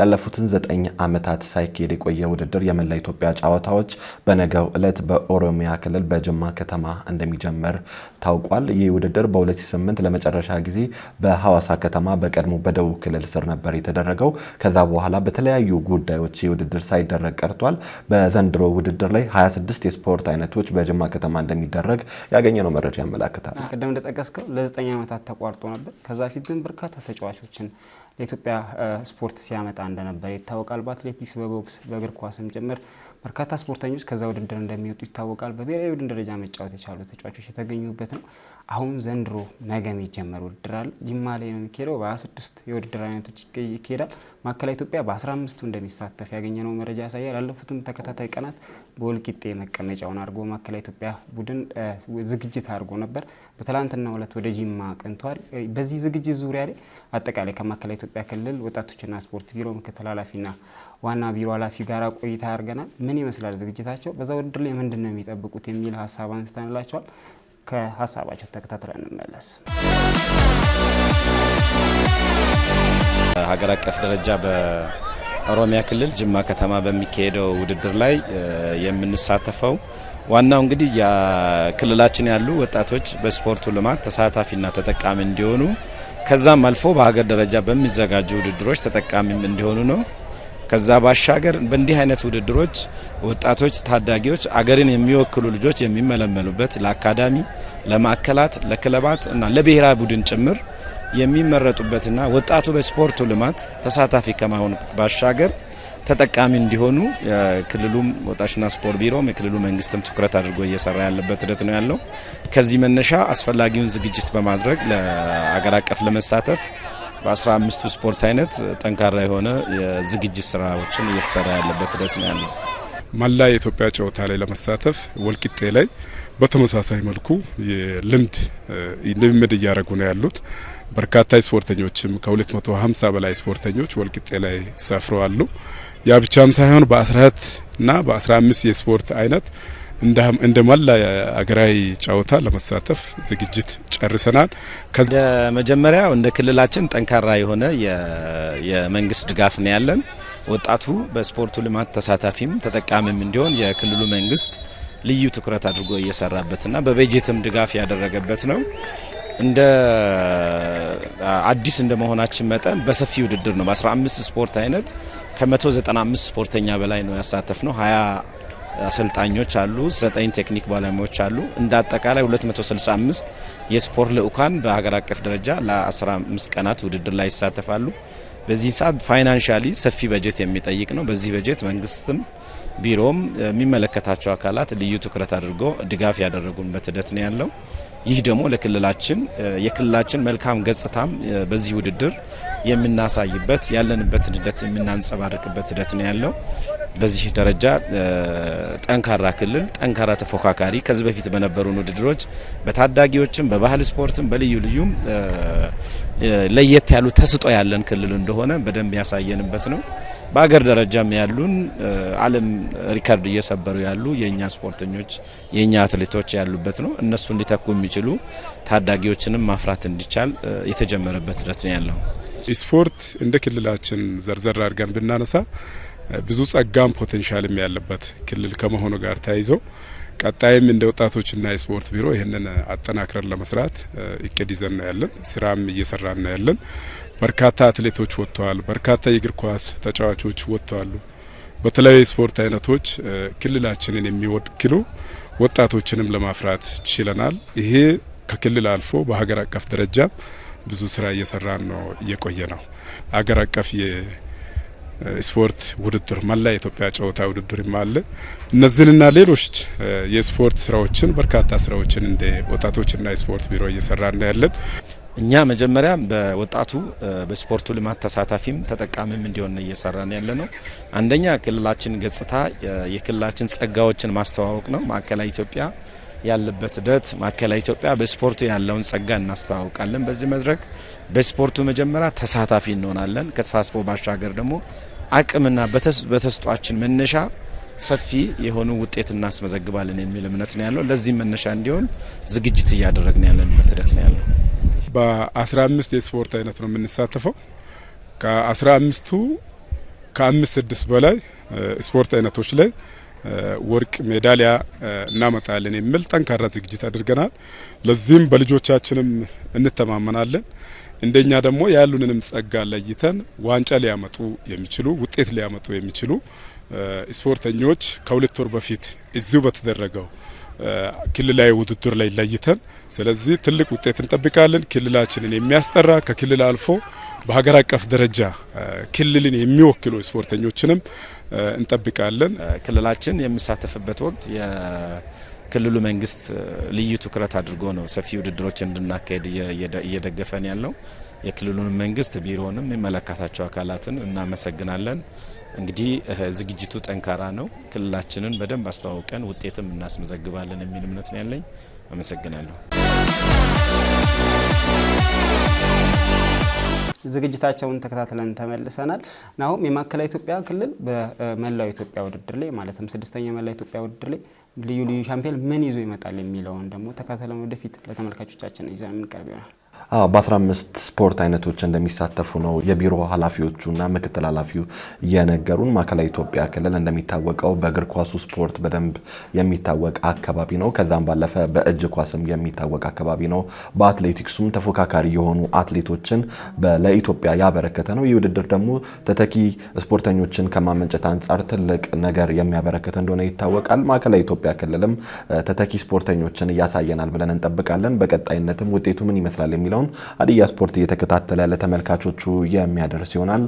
ያለፉትን ዘጠኝ ዓመታት ሳይካሄድ የቆየ ውድድር የመላ ኢትዮጵያ ጨዋታዎች በነገው ዕለት በኦሮሚያ ክልል በጅማ ከተማ እንደሚጀምር ታውቋል። ይህ ውድድር በ2008 ለመጨረሻ ጊዜ በሐዋሳ ከተማ በቀድሞ በደቡብ ክልል ስር ነበር የተደረገው። ከዛ በኋላ በተለያዩ ጉዳዮች ውድድር ሳይደረግ ቀርቷል። በዘንድሮ ውድድር ላይ 26 የስፖርት አይነቶች በጅማ ከተማ እንደሚደረግ ያገኘነው መረጃ ያመላክታል። ቅድም እንደጠቀስከው ለ9 ዓመታት ተቋርጦ ነበር። ከዛ ግን በርካታ ተጫዋቾችን ለኢትዮጵያ ስፖርት ሲያመጣ እንደነበር ይታወቃል። በአትሌቲክስ፣ በቦክስ፣ በእግር ኳስም ጭምር በርካታ ስፖርተኞች ከዛ ውድድር እንደሚወጡ ይታወቃል። በብሔራዊ ውድድር ደረጃ መጫወት የቻሉ ተጫዋቾች የተገኙበት ነው። አሁን ዘንድሮ ነገ የሚጀመር ውድድር አለ። ጅማ ላይ ነው የሚካሄደው። በ26 የውድድር አይነቶች ይካሄዳል። ማዕከላዊ ኢትዮጵያ በ15ቱ እንደሚሳተፍ ያገኘነው መረጃ ያሳያል። ያለፉትን ተከታታይ ቀናት በወልቂጤ መቀመጫውን አድርጎ ማዕከላዊ ኢትዮጵያ ቡድን ዝግጅት አድርጎ ነበር። በትላንትና ዕለት ወደ ጂማ አቅንቷል። በዚህ ዝግጅት ዙሪያ ላይ አጠቃላይ ከማዕከላዊ ኢትዮጵያ ክልል ወጣቶችና ስፖርት ቢሮ ምክትል ኃላፊና ዋና ቢሮ ኃላፊ ጋር ቆይታ አድርገናል። ምን ይመስላል ዝግጅታቸው፣ በዛ ውድድር ላይ ምንድን ነው የሚጠብቁት የሚል ሀሳብ አንስተንላቸዋል። ከሀሳባቸው ተከታትለን እንመለስ። ሀገር አቀፍ ደረጃ በኦሮሚያ ክልል ጅማ ከተማ በሚካሄደው ውድድር ላይ የምንሳተፈው ዋናው እንግዲህ የክልላችን ያሉ ወጣቶች በስፖርቱ ልማት ተሳታፊና ተጠቃሚ እንዲሆኑ ከዛም አልፎ በሀገር ደረጃ በሚዘጋጁ ውድድሮች ተጠቃሚም እንዲሆኑ ነው። ከዛ ባሻገር በእንዲህ አይነት ውድድሮች ወጣቶች፣ ታዳጊዎች አገርን የሚወክሉ ልጆች የሚመለመሉበት ለአካዳሚ፣ ለማዕከላት፣ ለክለባት እና ለብሔራዊ ቡድን ጭምር የሚመረጡበትና ወጣቱ በስፖርቱ ልማት ተሳታፊ ከመሆን ባሻገር ተጠቃሚ እንዲሆኑ የክልሉም ወጣቶችና ስፖርት ቢሮም የክልሉ መንግስትም ትኩረት አድርጎ እየሰራ ያለበት ሂደት ነው ያለው። ከዚህ መነሻ አስፈላጊውን ዝግጅት በማድረግ ለአገር አቀፍ ለመሳተፍ በ 15 ስፖርት አይነት ጠንካራ የሆነ የዝግጅት ስራዎችን እየተሰራ ያለበት ሂደት ነው ያለው። መላ የኢትዮጵያ ጨዋታ ላይ ለመሳተፍ ወልቂጤ ላይ በተመሳሳይ መልኩ የልምድ ልምምድ እያደረጉ ነው ያሉት። በርካታ ስፖርተኞችም ከ250 በላይ ስፖርተኞች ወልቂጤ ላይ ሰፍረው አሉ። ያ ብቻም ሳይሆን በ14 እና በ15 የስፖርት አይነት እንደ መላ አገራዊ ጨዋታ ለመሳተፍ ዝግጅት ጨርሰናል። መጀመሪያ እንደ ክልላችን ጠንካራ የሆነ የመንግስት ድጋፍ ነው ያለን። ወጣቱ በስፖርቱ ልማት ተሳታፊም ተጠቃሚም እንዲሆን የክልሉ መንግስት ልዩ ትኩረት አድርጎ እየሰራበትና በበጀትም ድጋፍ ያደረገበት ነው። እንደ አዲስ እንደ መሆናችን መጠን በሰፊ ውድድር ነው። በ15 ስፖርት አይነት ከ195 ስፖርተኛ በላይ ነው ያሳተፍ ነው። አሰልጣኞች አሉ፣ ዘጠኝ ቴክኒክ ባለሙያዎች አሉ። እንደ አጠቃላይ 265 የስፖርት ልዑካን በሀገር አቀፍ ደረጃ ለ15 ቀናት ውድድር ላይ ይሳተፋሉ። በዚህ ሰዓት ፋይናንሻሊ ሰፊ በጀት የሚጠይቅ ነው። በዚህ በጀት መንግስትም ቢሮም የሚመለከታቸው አካላት ልዩ ትኩረት አድርጎ ድጋፍ ያደረጉንበት ሂደት ነው ያለው። ይህ ደግሞ ለክልላችን የክልላችን መልካም ገጽታም በዚህ ውድድር የምናሳይበት ያለንበትን ሂደት የምናንጸባርቅበት ሂደት ነው ያለው። በዚህ ደረጃ ጠንካራ ክልል፣ ጠንካራ ተፎካካሪ ከዚህ በፊት በነበሩን ውድድሮች በታዳጊዎችም በባህል ስፖርትም በልዩ ልዩም ለየት ያሉ ተስጦ ያለን ክልል እንደሆነ በደንብ ያሳየንበት ነው። በሀገር ደረጃም ያሉን ዓለም ሪከርድ እየሰበሩ ያሉ የእኛ ስፖርተኞች የእኛ አትሌቶች ያሉበት ነው። እነሱን ሊተኩ የሚችሉ ታዳጊዎችንም ማፍራት እንዲቻል የተጀመረበት ሂደት ነው ያለው። ስፖርት እንደ ክልላችን ዘርዘር አድርገን ብናነሳ ብዙ ጸጋም ፖቴንሻልም ያለበት ክልል ከመሆኑ ጋር ተያይዞ ቀጣይም እንደ ወጣቶችና የስፖርት ቢሮ ይህንን አጠናክረን ለመስራት እቅድ ይዘን ያለን። ስራም እየሰራን ያለን። በርካታ አትሌቶች ወጥተዋል። በርካታ የእግር ኳስ ተጫዋቾች ወጥተዋሉ። በተለያዩ ስፖርት አይነቶች ክልላችንን የሚወክሉ ወጣቶችንም ለማፍራት ችለናል። ይሄ ከክልል አልፎ በሀገር አቀፍ ደረጃ ብዙ ስራ እየሰራን ነው እየቆየ ነው። ሀገር አቀፍ የስፖርት ውድድር መላ የኢትዮጵያ ጨዋታ ውድድርም አለ። እነዚህንና ሌሎች የስፖርት ስራዎችን በርካታ ስራዎችን እንደ ወጣቶችና የስፖርት ቢሮ እየሰራን ያለን እኛ መጀመሪያ በወጣቱ በስፖርቱ ልማት ተሳታፊም ተጠቃሚም እንዲሆን እየሰራን ያለ ነው። አንደኛ ክልላችን ገጽታ የክልላችን ጸጋዎችን ማስተዋወቅ ነው። ማዕከላዊ ኢትዮጵያ ያለበት ሂደት ማዕከላዊ ኢትዮጵያ በስፖርቱ ያለውን ጸጋ እናስተዋውቃለን። በዚህ መድረክ በስፖርቱ መጀመሪያ ተሳታፊ እንሆናለን። ከተሳትፎ ባሻገር ደግሞ አቅምና በተስጧችን መነሻ ሰፊ የሆኑ ውጤት እናስመዘግባለን የሚል እምነት ነው ያለው። ለዚህ መነሻ እንዲሆን ዝግጅት እያደረግን ያለንበት ሂደት ነው ያለው። በ የስፖርት አይነት ነው የምንሳተፈው። ከአምስት ስድስት በላይ ስፖርት አይነቶች ላይ ወርቅ ሜዳሊያ እናመጣለን የሚል ጠንካራ ዝግጅት አድርገናል። ለዚህም በልጆቻችንም እንተማመናለን። እንደኛ ደግሞ ያሉንንም ጸጋ ለይተን ዋንጫ ሊያመጡ የሚችሉ ውጤት ሊያመጡ የሚችሉ ስፖርተኞች ከሁለት ወር በፊት እዚሁ በተደረገው ክልላዊ ውድድር ላይ ለይተን ስለዚህ ትልቅ ውጤት እንጠብቃለን። ክልላችንን የሚያስጠራ ከክልል አልፎ በሀገር አቀፍ ደረጃ ክልልን የሚወክሉ ስፖርተኞችንም እንጠብቃለን። ክልላችን የሚሳተፍበት ወቅት የክልሉ መንግስት ልዩ ትኩረት አድርጎ ነው ሰፊ ውድድሮች እንድናካሄድ እየደገፈን ያለው። የክልሉን መንግስት ቢሮንም የሚመለከታቸው አካላትን እናመሰግናለን። እንግዲህ ዝግጅቱ ጠንካራ ነው። ክልላችንን በደንብ አስተዋውቀን ውጤትም እናስመዘግባለን የሚል እምነት ነው ያለኝ። አመሰግናለሁ። ዝግጅታቸውን ተከታትለን ተመልሰናል። ናሁም የማዕከላዊ ኢትዮጵያ ክልል በመላው ኢትዮጵያ ውድድር ላይ ማለትም ስድስተኛ መላው ኢትዮጵያ ውድድር ላይ ልዩ ልዩ ሻምፒዮን ምን ይዞ ይመጣል የሚለውን ደግሞ ተከታትለን ወደፊት ለተመልካቾቻችን ይዘን የምንቀርብ ይሆናል። በ15 ስፖርት አይነቶች እንደሚሳተፉ ነው የቢሮ ኃላፊዎቹና ምክትል ኃላፊው የነገሩን። ማዕከላዊ ኢትዮጵያ ክልል እንደሚታወቀው በእግር ኳሱ ስፖርት በደንብ የሚታወቅ አካባቢ ነው። ከዛም ባለፈ በእጅ ኳስም የሚታወቅ አካባቢ ነው። በአትሌቲክሱም ተፎካካሪ የሆኑ አትሌቶችን ለኢትዮጵያ ያበረከተ ነው። ይህ ውድድር ደግሞ ተተኪ ስፖርተኞችን ከማመንጨት አንጻር ትልቅ ነገር የሚያበረከተ እንደሆነ ይታወቃል። ማዕከላዊ ኢትዮጵያ ክልልም ተተኪ ስፖርተኞችን እያሳየናል ብለን እንጠብቃለን። በቀጣይነትም ውጤቱ ምን ይመስላል የሚለው? ጨዋታውን ሀዲያ ስፖርት እየተከታተለ ለተመልካቾቹ የሚያደርስ ይሆናል።